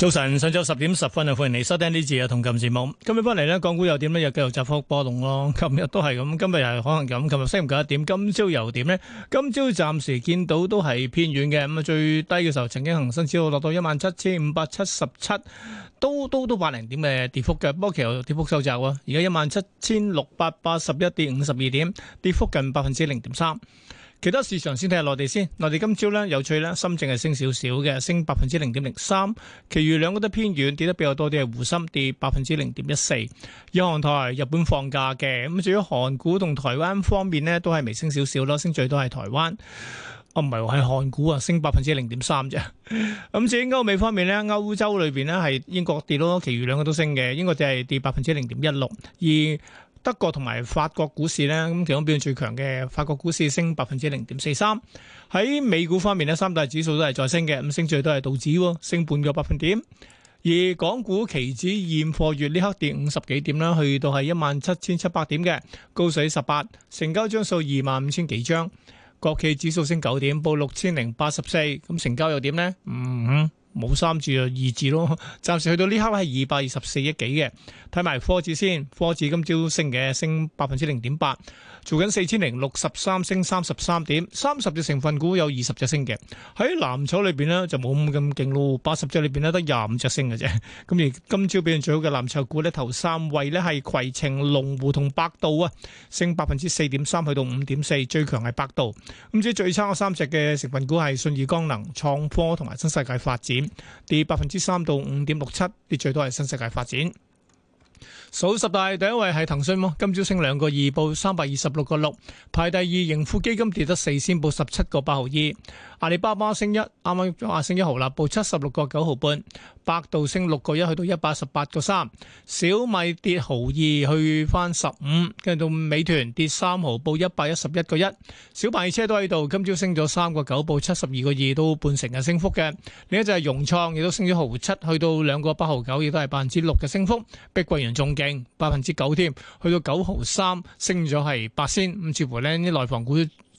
早晨，上晝十點十分啊，歡迎你收聽呢節啊同琴節目。今日翻嚟咧，港股又點呢？又繼續窄幅波動咯。今日都係咁，今日又係可能咁，琴日升唔夠一點，今朝又點呢？今朝暫時見到都係偏軟嘅。咁啊，最低嘅時候曾經恒生指數落到一萬七千五百七十七，都都都八零點嘅跌幅嘅，不過其後跌幅收窄啊。而家一萬七千六百八十一跌五十二點，跌幅近百分之零點三。其他市場先睇下內地先，內地今朝咧有趣呢，深圳係升少少嘅，升百分之零點零三。其餘兩個都偏軟，跌得比較多啲，係滬深，跌百分之零點一四。日韓台日本放假嘅，咁至於韓股同台灣方面咧，都係微升少少咯，升最多係台灣。啊，唔係喎，係、啊、韓股啊，升百分之零點三啫。咁、嗯、至於歐美方面咧，歐洲裏面咧係英國跌咯，其餘兩個都升嘅，英國就係跌百分之零點一六。而德國同埋法國股市咧，咁其中表現最強嘅法國股市升百分之零點四三。喺美股方面咧，三大指數都係再升嘅，咁升最多係道指，升半個百分點。而港股期指現貨月呢刻跌五十幾點啦，去到係一萬七千七百點嘅，高水十八，成交張數二萬五千幾張。國企指數升九點，報六千零八十四，咁成交又點呢？嗯冇三字啊，二字咯。暫時去到呢刻係二百二十四億幾嘅。睇埋科指先，科指今朝升嘅，升百分之零點八，做緊四千零六十三，升三十三點。三十隻成分股有二十隻升嘅。喺藍籌裏邊呢，就冇咁咁勁咯，八十隻裏邊呢，得廿五隻升嘅啫。咁而今朝表現最好嘅藍籌股呢，頭三位呢係攜程、龍湖同百度啊，升百分之四點三，去到五點四。最強係百度。咁至於最差嘅三隻嘅成分股係信義光能、創科同埋新世界發展。跌百分之三到五點六七，跌最多係新世界發展。數十大第一位係騰訊，今朝升兩個二，報三百二十六個六。排第二盈富基金跌得四仙，報十七個八毫二。阿里巴巴升一，啱啱升一毫啦，報七十六個九毫半。百度升六個一，去到一百十八個三。小米跌毫二，去返十五。跟住到美團跌三毫，報一百一十一個一。小鵬汽車都喺度，今朝升咗三個九，報七十二個二，都半成嘅升幅嘅。另一隻係融創，亦都升咗毫七，去到兩個八毫九，亦都係百分之六嘅升幅。碧桂園仲。百分之九添，去到九毫三，升咗係八仙咁，似乎呢啲內房股。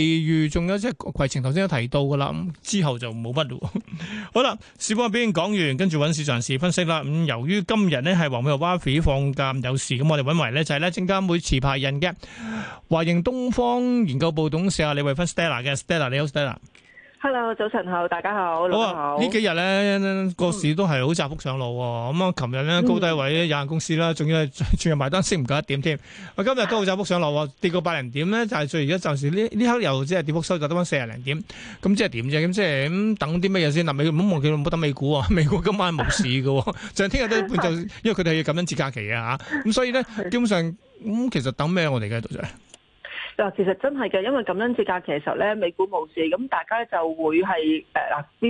例如仲有即係携程頭先有提到噶啦，之後就冇乜咯。 好啦，市況表現講完，跟住搵市場人士分析啦。咁、嗯、由於今日呢係王美華 Wafi 放假有事，咁我哋搵埋咧就係咧證監會持牌人嘅華盈東方研究部董事阿李慧芬 Stella 嘅 Stella，你好 Stella。hello，早晨好，大家好，老好。好啊、幾呢幾日咧，嗯、個市都係好窄幅上落喎、哦。咁、嗯、啊，琴日咧高低位有限公司啦，仲要全日埋單先唔夠一點添。我今日都好窄幅上落、哦，啊、跌過百零點咧，就係最而家暫時呢呢刻又即係跌幅收窄得翻四廿零點，咁即係點啫？咁即係咁、嗯、等啲咩嘢先？嗱，美唔好忘記冇等美股啊！美股今晚冇事喎。就係聽日都就因為佢哋要咁樣節假期啊吓。咁所以咧，是基本上咁、嗯、其實等咩我哋嘅讀嗱，其實真係嘅，因為咁樣嘅價，其實呢咧，美股冇事，咁大家就會係誒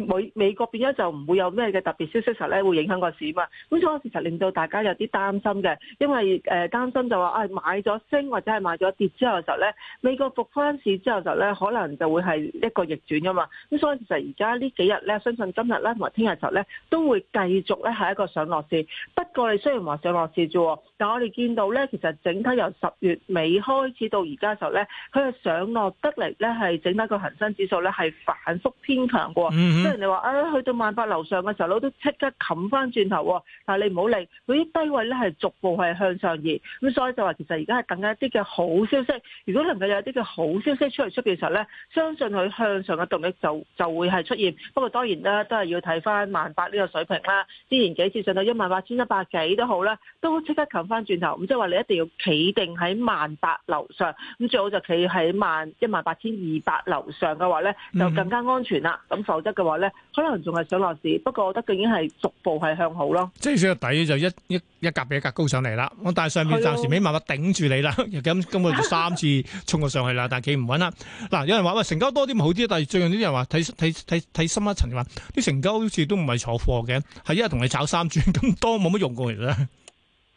嗱，美美國變咗就唔會有咩嘅特別消息時候咧，會影響個市嘛。咁所以其實令到大家有啲擔心嘅，因為誒擔心就話啊、哎、買咗升或者係買咗跌之後嘅時候咧，美國復翻市之後就咧，可能就會係一個逆轉㗎嘛。咁所以其實而家呢幾日咧，相信今日咧同埋聽日時候咧，都會繼續咧係一個上落市。不過你雖然話上落市啫，但我哋見到咧，其實整體由十月尾開始到而家嘅時候咧。佢係上落得嚟咧，係整得個恒生指數咧係反覆偏強嘅。即係、嗯嗯、人哋話啊，去到萬八樓上嘅時候，都即刻冚翻轉頭。但係你唔好理嗰啲低位咧，係逐步係向上移。咁所以就話其實而家係等緊一啲嘅好消息。如果能夠有啲嘅好消息出嚟出嘅時候咧，相信佢向上嘅動力就就會係出現。不過當然啦，都係要睇翻萬八呢個水平啦。之前幾次上到一萬八千一百幾都好啦，都即刻冚翻轉頭。咁即係話你一定要企定喺萬八樓上，咁最好。就企喺萬一萬八千二百樓上嘅話咧，就更加安全啦。咁否則嘅話咧，可能仲係上落市。不過我覺得佢已經係逐步係向好咯。即係個底就一一一格比一格高上嚟啦。我但係上面暫時未慢慢頂住你啦。咁我的 就三次衝過上去啦，但係企唔穩啦。嗱，有人話喂，成交多啲咪好啲。但係最近啲人話睇睇睇睇深一層，話啲成交好似都唔係坐貨嘅，係一日同你炒三轉咁多冇乜用嘅其實。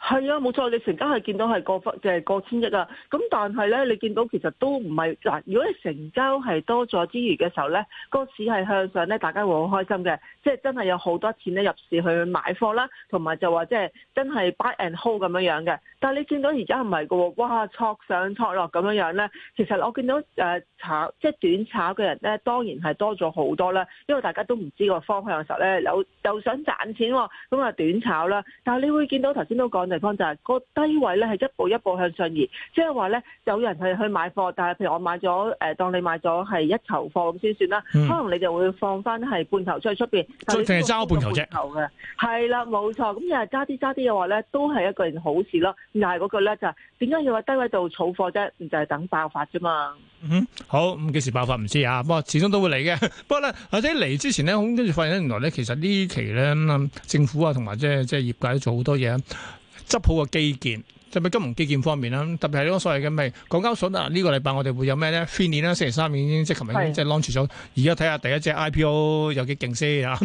係啊，冇錯，你成交係見到係過即係過千億啊。咁但係咧，你見到其實都唔係嗱，如果你成交係多咗之餘嘅時候咧，個市係向上咧，大家會好開心嘅，即係真係有好多錢咧入市去買貨啦，同埋就話即係真係 buy and hold 咁樣樣嘅。但係你見到而家唔係㗎喎，哇，挫上挫落咁樣樣咧，其實我見到誒、啊、炒，即係短炒嘅人咧，當然係多咗好多啦，因為大家都唔知個方向嘅時候咧，有又想賺錢咁啊短炒啦。但係你會見到頭先都講。地方就係、是、個低位咧，係一步一步向上移，即係話咧，有人係去買貨，但係譬如我買咗誒，當你買咗係一頭貨咁先算啦，嗯、可能你就會放翻係半頭出去出面，就淨係揸半頭啫，係啦，冇錯。咁又係揸啲揸啲嘅話咧，都係一個人好事咯。但係嗰句咧、就是，就係點解要喺低位度儲貨啫？就係等爆發啫嘛。嗯，好，咁幾時爆發唔知啊？不過始終都會嚟嘅。 不過咧，或者嚟之前咧，咁跟住發現原來咧，其實呢期咧政府啊同埋即係即係業界都做好多嘢。執好個基建，特別金融基建方面啦，特別係呢個所謂嘅咩港交所啊。呢、這個禮拜我哋會有咩咧 f 啦，星期三,三已經即係琴日即係 launch 咗，而家睇下第一隻 IPO 有幾勁先啊！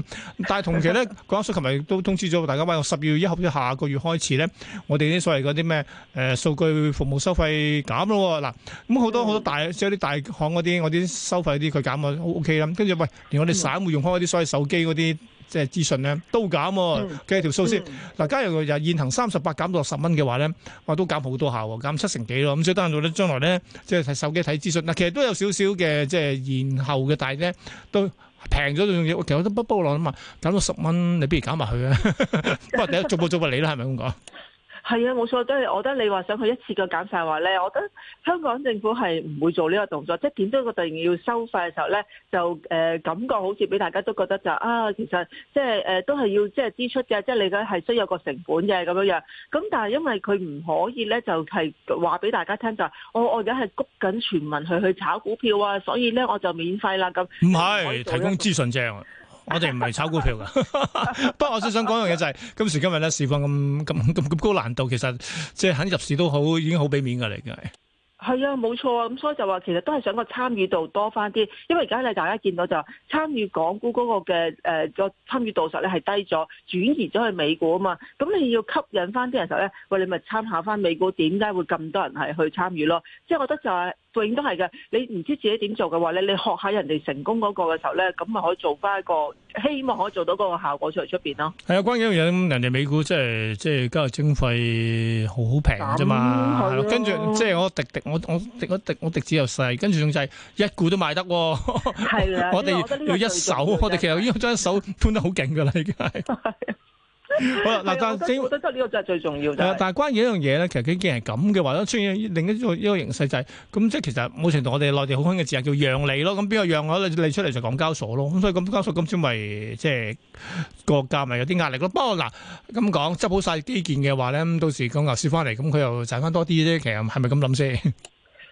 但係同期咧， 港交所琴日都通知咗大家，喂，十二月一號起下個月開始咧，我哋啲所謂嗰啲咩誒數據服務收費減咯。嗱，咁、嗯、好多好多大即係啲大行嗰啲，我啲收費啲佢減咗 O K 啦。跟住喂，連我哋散戶用開啲 所謂手機嗰啲。即係資訊咧都減，計條數先。嗱，假如又現行三十八減到十蚊嘅話咧，話都減好多下喎，減七成幾咯。咁所以等下到咧將來咧，即係睇手機睇資訊。嗱，其實都有少少嘅即係延後嘅，但係咧都平咗最嘢。我其實我都不抱落啊嘛，減到十蚊，你不如減埋佢啊！不過 第一逐步逐步嚟啦，係咪咁講？係啊，冇錯，都係。我覺得你話想去一次過減晒話咧，我覺得香港政府係唔會做呢個動作。即係點都個突然要收費嘅時候咧，就誒、呃、感覺好似俾大家都覺得就啊，其實即係誒都係要即係、就是、支出嘅，即、就、係、是、你梗係需要有個成本嘅咁樣樣。咁但係因為佢唔可以咧，就係話俾大家聽就是哦、我我而家係谷緊全民去去炒股票啊，所以咧我就免費啦咁。唔係，提供資訊正。 我哋唔係炒股票㗎， 不過我想想講一樣嘢，就係今時今日咧，市況咁咁咁咁高難度，其實即係肯入市都好，已經好俾面㗎。嚟嘅。係啊，冇錯啊，咁所以就話其實都係想個參與度多翻啲，因為而家咧大家見到就參與港股嗰個嘅誒個參與度實咧係低咗，轉移咗去美股啊嘛，咁你要吸引翻啲人時咧，喂，你咪參考翻美股，點解會咁多人係去參與咯？即係我覺得就係。永遠都係嘅，你唔知自己點做嘅話咧，你學下人哋成功嗰個嘅時候咧，咁咪可以做翻一個，希望可以做到嗰個效果出嚟出邊咯。係啊，關鍵有，人哋美股即係即係交易徵費好平啫嘛，係、就、咯、是。嗯、跟住即係我滴滴，我滴我滴我滴我滴子又細，跟住仲就係一股都賣得。係啊的， 我哋要一手，我哋其實應該將一手搬得好勁噶啦，已經係。 好啦，嗱，對但正，所以正呢個就係最重要。但係，但係關於一樣嘢咧，其實既然係咁嘅話咯。出現另一個一個形勢就係、是、咁，即係其實冇程度我哋內地好興嘅字係叫讓利咯。咁邊個讓？我你出嚟就港交所咯。咁所以咁交所今朝咪、就是、即係個價咪有啲壓力咯。不過嗱咁講，執好晒基建嘅話咧，到時個牛市翻嚟，咁佢又賺翻多啲啫。其實係咪咁諗先？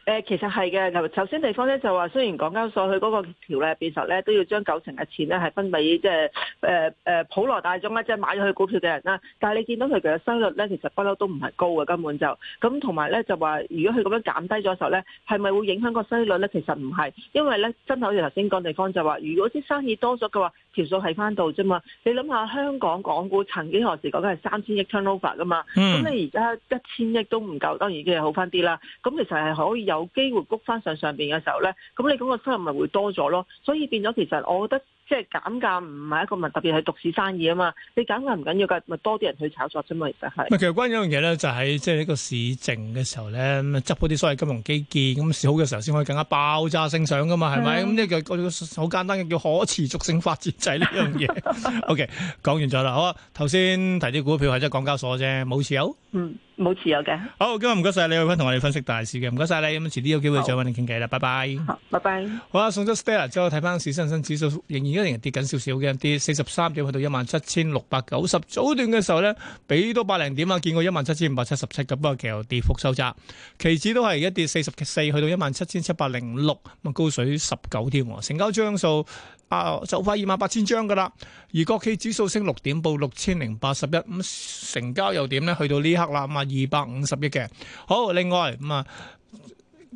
誒，其實係嘅。頭首先，地方咧就話，雖然港交所佢嗰個條例變實咧，都要將九成嘅錢咧係分俾即係誒誒普羅大眾啊，即係買咗買佢股票嘅人啦。但係你見到佢嘅收率咧，其實不嬲都唔係高嘅，根本就咁同埋咧就話，如果佢咁樣減低咗嘅時候咧，係咪會影響個收率咧？其實唔係，因為咧真係好似頭先講地方就話，如果啲生意多咗嘅話。條數係翻度啫嘛，你諗下香港港股曾經何時講緊係三千億 turnover 㗎嘛？咁你而家一千億都唔夠，當然已經係好翻啲啦。咁其實係可以有機會谷翻上上邊嘅時候咧，咁你嗰個收入咪會多咗咯。所以變咗其實我覺得。即係減價唔係一個物，特別係獨市生意啊嘛，你減價唔緊要噶，咪多啲人去炒作啫嘛，其實係。咪其實關於一樣嘢咧，就係即係呢個市靜嘅時候咧，執好啲所謂金融基建咁好嘅時候，先可以更加爆炸性上噶嘛，係咪的？咁呢個個好簡單嘅叫可持續性發展制呢樣嘢。O K，講完咗啦，好啊，頭先提啲股票或者係港交所啫，冇持有。嗯冇持有嘅。好，今日唔該晒李慧芬同我哋分析大市嘅，唔該晒你。咁遲啲有機會再揾你傾偈啦，好拜拜。好，拜拜。好啊，送咗 Stella 之後，睇翻市新新指數仍然依然跌緊少少嘅，跌四十三點去到一萬七千六百九十。早段嘅時候咧，比到百零點啊，見過一萬七千五百七十七嘅，不過其實跌幅收窄。期指都係一跌四十四，去到一萬七千七百零六，咁高水十九添。成交張數。啊，就快二萬八千張噶啦，而國企指數升六點，報六千零八十一，咁成交又點咧？去到呢刻啦，二百五十億嘅。好，另外咁啊，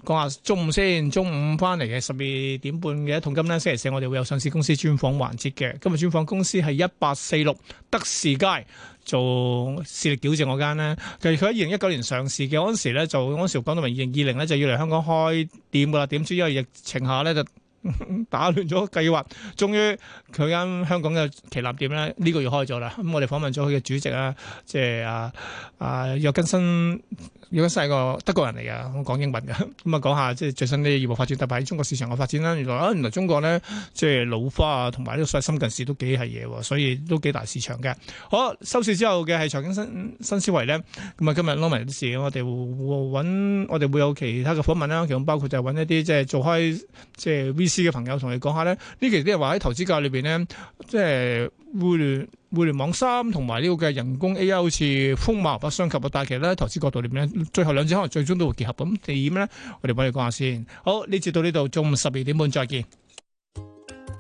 講下中午先，中午翻嚟嘅，十二點半嘅。同今日星期四我哋會有上市公司專訪環節嘅。今日專訪公司係一八四六德視佳，做視力矯正嗰間咧。其實佢喺二零一九年上市嘅，嗰時咧就嗰時講到明二零二零咧就要嚟香港開店噶啦。點知因為疫情下咧就～ 打亂咗計劃，終於佢間香港嘅旗艦店咧呢、這個月開咗啦。咁、嗯、我哋訪問咗佢嘅主席啊，即係啊啊，又更新又更新一個德國人嚟噶、嗯，講英文㗎，咁啊講下即係最新啲業務發展，特別喺中國市場嘅發展啦。原來原來中國咧即係老花啊，同埋呢個所謂深近視都幾係嘢，所以都幾大市場嘅。好，收市之後嘅係財經新新思維咧。咁啊，今日攞埋啲事，我哋會搵，我哋會有其他嘅訪問啦。其中包括就係搵一啲即係做開即係市嘅朋友同你講下咧，呢期都係話喺投資界裏邊咧，即係互聯互聯網三同埋呢個嘅人工 AI 好似風貌不相及。但係其實咧，投資角度裏邊咧，最後兩隻可能最終都會結合，咁點咧？我哋幫你講下先。好，呢節到呢度，中午十二點半再見。